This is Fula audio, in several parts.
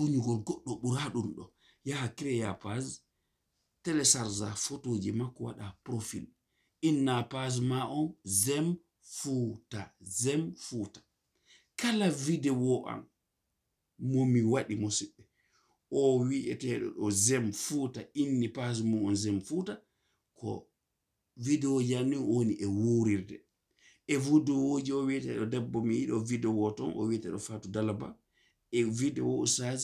puñugol goɗɗo ɓura ɗum ɗo yaha créa page télécharge photo ji makko waɗa profil inna page ma on zem fuuta zem fuuta kala vidéo an momi waɗi musidɓe o wi'eteɗo ɗo zem fuuta inni page mum on zem fuuta ko vidéo janni woni e wuurirde e vidowoji o wiyeteɗo debbo mi yiɗo vidéo toon o wiyeteɗo fatou dalaba e video usage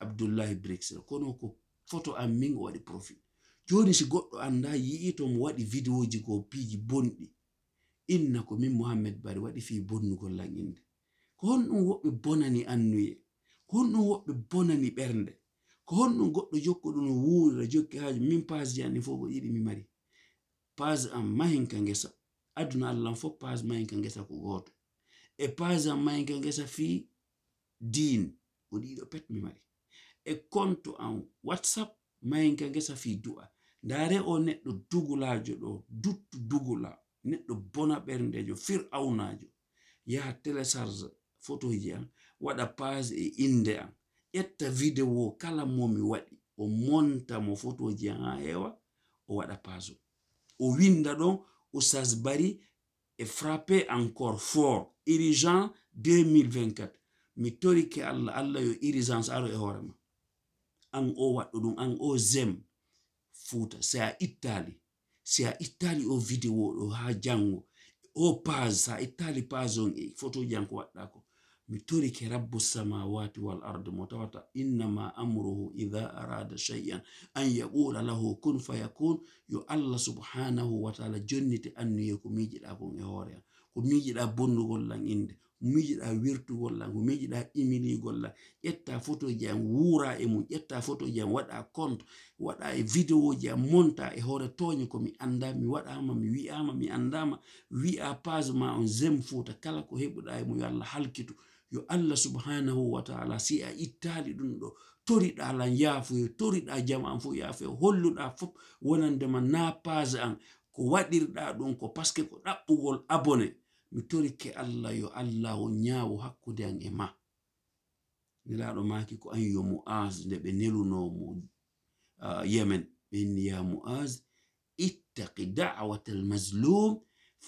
abdoullahi brexel kono ko photo am min o waɗi profil joni si goɗɗo anda yi'i to mo waɗi vidéoji ko piiji bonɗi inna ko min mohammed bari waɗi fi bonnugol inde ko honɗum woɓɓe bonani annuye ko honɗum woɓɓe bonani ɓernde ko honɗum goɗɗo jokko ɗum o wuurira jokki haaju min page ji anni fof ko ɗiɗi mi mari page am mahinka ngesa aduna allah fof page mahinka ngesa ko gooto e page am mahinka ngesa fii din o ɗiɗo pet mi mari e konto an whatsapp mayinka ngesa fi du'a ndaare o neɗɗo dugulajo ɗo duttu dugula neɗɗo bona ɓerndejo fir auna yaha ya photoji an waɗa page e inde an ƴetta video kala momi waɗi o monta mo photo an ha hewa o waɗa page o winda ɗon usas bari e frappé encore fort urgent 2024 mi torike allah allah yo irisance aro e hoore ma an o waɗɗo ɗum an o zem fuuta si a ittali si a ittali o vidéo ɗo ha janngo o page sa ittali page on e photo jan ko waɗɗa ko mi torike rabbo samawati wal arde mo tawata innama amruhu ida arada shay'an an yaqula lahu kun fayakun yo allah subhanahu wa taala jonnite annuye ko miijiɗa kon e hoore am ko miijiɗa bonnugollan innde miijiɗa wirtugollan ko miijiɗa imiligollan ƴetta photo ji am wuura e mum ƴetta photo ji am waɗa compte waɗa e vidéo ji am monta e hoore tooñe ko mi annda mi waɗama mi wi'ama mi anndama wi'a page ma on gem fouta kala ko heɓuɗa e mum yo allah halkitu yo allah subhanahu wa taala si a ittali ɗum ɗo toriɗa lan yaafuyo toriɗa jama an fof yaafu yo holluɗa fof wonandema na page an ko waɗirɗa ɗum ko par ce que ko ɗaɓɓugol abonné mi torike allah yo allah o nyaawo hakkude an e ma nelaɗo maki ko an yo mu'az nde ɓe nelunomo yemen ɓen ya mu'az ittaqi da'wata almazlum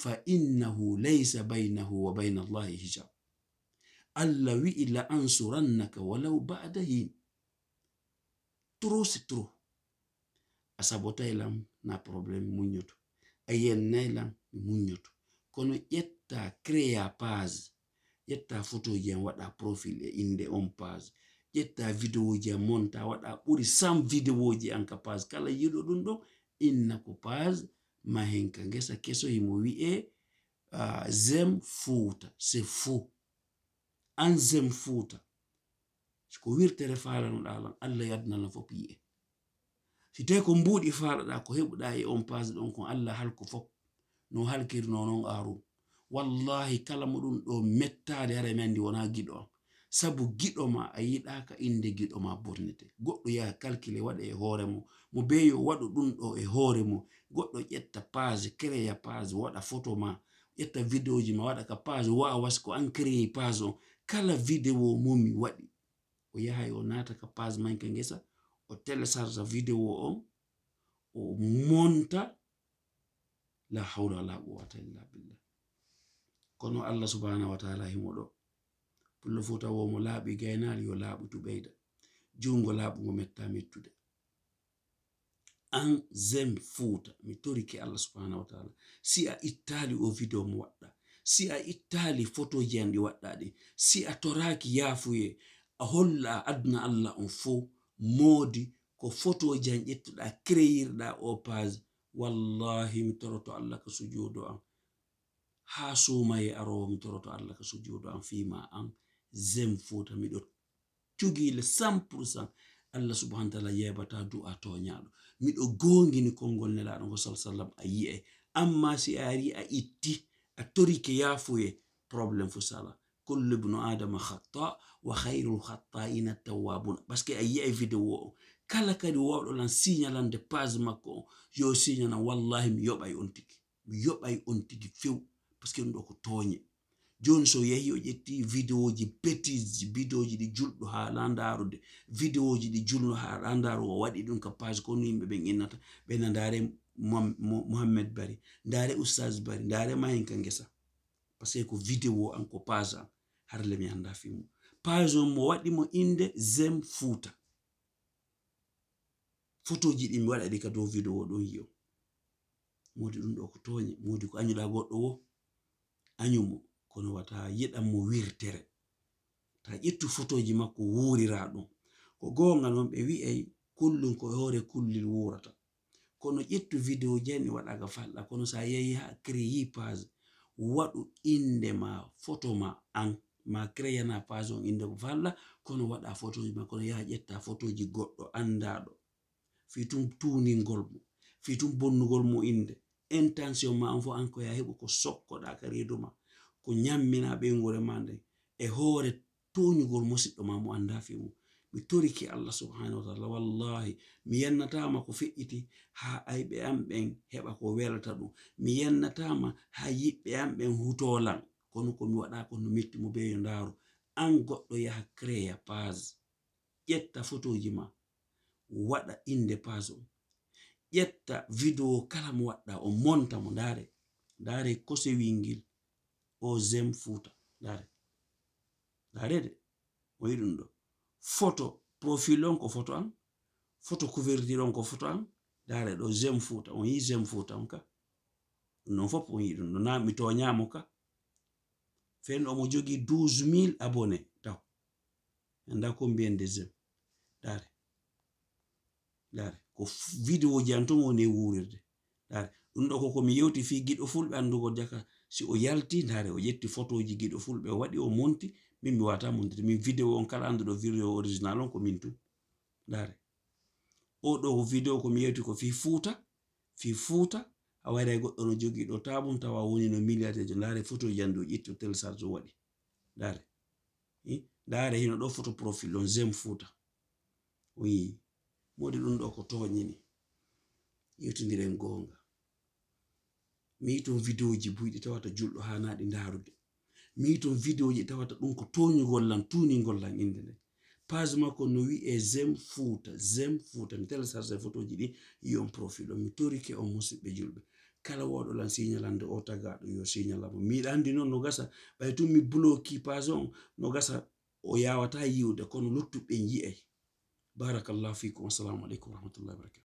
fa innahu laysa baynahu wa bayna allahi hijab allah wi'i la ansurannaka walaw ba'da hin tro si tro a sabotaylam na probléme muñoto a yennaylam mi muñoto kono ƴetta créa page ƴetta photo ji am waɗa profil e inde on page ƴetta vidéo ji am monta waɗa ɓuri sam vidéo ji an ka page kala yiɗo ɗum ɗon inna ko page ma hen ka gesa keso himo e wi'e uh, zem fuuta se fou an zem fuuta ko wirtere faalanoɗalan allah yadnalan fop yi'e si tawi ko mbuuɗi faalaɗa ko heɓuɗa e on page ɗon ko allah halko fop no halkirno noon aru wallahi kala muɗum ɗo mettade hara e mi anndi wona giɗo am sabu giɗo ma a yiɗaka inde giɗo ma bonnete goɗɗo yaha calcule waɗa e hoore mum mo beyo waɗu ɗum ɗo e hoore mum goɗɗo ƴetta page créa page waɗa photo ma ƴetta vidéo ji ma waɗa ka page wa wasi ko an créé page on kala vidéo mumi waɗi o yahay o naata ka page manke ngesa o télécharge vidéo on o monta la hawla wala quwwata illa billah kono allah subhanahu wa taala himoɗo pullo fo tawo mo laaɓi gaynali yo laaɓu tubeyda jungo laaɓu mo metta mettude an zem futa mi torike allah subhanahu wa taala si a ittali o video mo wadda si a ittali photoji jandi wadda waɗɗa si a toraki yafuye a holla adna allah on fo modi ko photoji an ƴettuɗa créirɗa o page wallahi mi toroto allah ka sujuudo am haa suumaye aroowo mi toroto allah ka sujuudo am fiima an zem fuuta miɗo cugiile cent pourcent allah subhana taala yeebata du'a tooñaaɗo miɗo goongini konngol nelaaɗo ngo sal sallam a yi'e amma si a ari a itti a torike yaafuye probléme fo sala kullu bnu adama hatta wa hayrul hatta ina tawabuna par ce que a yi'e vidéo o kala kadi wawɗo lan signalan de page makko on yo signalan wallahi mi yoɓay on tigi mi yoɓay on tigi few par ce que ɗum ɗo ko tooñe joni so yehi o ƴetti vidéo ji bétise ji vidéo ji ɗi julɗo ha landarude vidéo ji ɗi julɗo ha landaru o waɗi ɗum ka page kono yimɓe ɓen innata ɓena ndaare mohammed bari ndaare oustage bari ndaare ma hen ka ngesa par ce que ko vidéo an ko page an harle mi anda fimu page on mo waɗimo inde zem fouta fotoji ɗi mi waɗa ɗi ka dow video o ɗon yi'o modi ɗum ɗo ko toñi modi ko anyuɗa goɗɗo wo anyumo kono wata yiɗan mo wirtere ta ƴettu fotoji makko wurira ɗum ko gonga noon ɓe wi'ay kullum ko hoore kullil wurata kono ƴettu video jani waɗaga falɗa kono sa yahi ha créer page waɗu inde ma photo ma an ma créyana page on inde ko falla kono waɗa photoji ma kono yaha ƴetta photoji goɗɗo andaɗo fii tun tuuningol mo fii tun bonnugol mo innde intention ma on fof an ko ya heɓu ko sokkoɗa ka reedu ma ko ñammina ɓeygore ma nde e hoore toñugol musiɗɗo ma mo annda fi mum mi toriki allah subhanahu wa taala wallahi mi yennatama ko feƴƴiti ha ayɓe am ɓen heɓa ko welata ɗum mi yennatama ha yiɓɓe am ɓen hutolan kono komi waɗa kono mettimo ɓeyo ndaaru an goɗɗo yaha créa page ƴetta photoji ma waɗa inde page on ƴetta vidéo kala mo waɗɗa o monta mo ndaare ndaare kosewingil o zem fouta ndaare ndaarede o yi ɗum ɗo photo profil on ko photo an photo couverture on ko photo an ndaare ɗo zem fouta on yi zem fouta on ka ɗum noon fop on yi ɗum ɗo na mi toñamo ka feen omo jogui 12 mille abonné taw anda ko mbiyen de zem ndaare ɗare ko video ji an ton woni e wurirde ɗare ɗum ɗo koko mi yewti fi giɗo fulɓe andugo jaka si o yalti ndare o yetti photoji giɗo fulɓe o waɗi o monti min mi wata montide min video on kala anduɗo video original on ko min tum ndare oɗo ko video ko mi yewti ko fi futa fi futa a wayra goɗɗo no jogi ɗo tabum tawa woni no milliardejo ndaare photo jandu tel télésarge waɗi ndaare ndaare hino ɗo photo profil on zem futa oui woodi ɗum ɗo ko toñini yewtidiren goonga mi yii toon vidoji buyɗi tawata julɗo haa naaɗi ndaaruge mi yii toon vidoji tawata ɗum ko toñugollan tuuningollan innde nde page makko no wi e zem fuuta zem fuuta mi tela sarsa photoji ɗi yion profil o mi torike on musidɓe julɓe kala wooɗolan signalande o tagaɗo yo signalamo miɗanndi noon no gasa ɓay tun mi bloki page on no gasa o yawata yiwde kono luttuɓɓen yi'ay بارك الله فيكم والسلام عليكم ورحمة الله وبركاته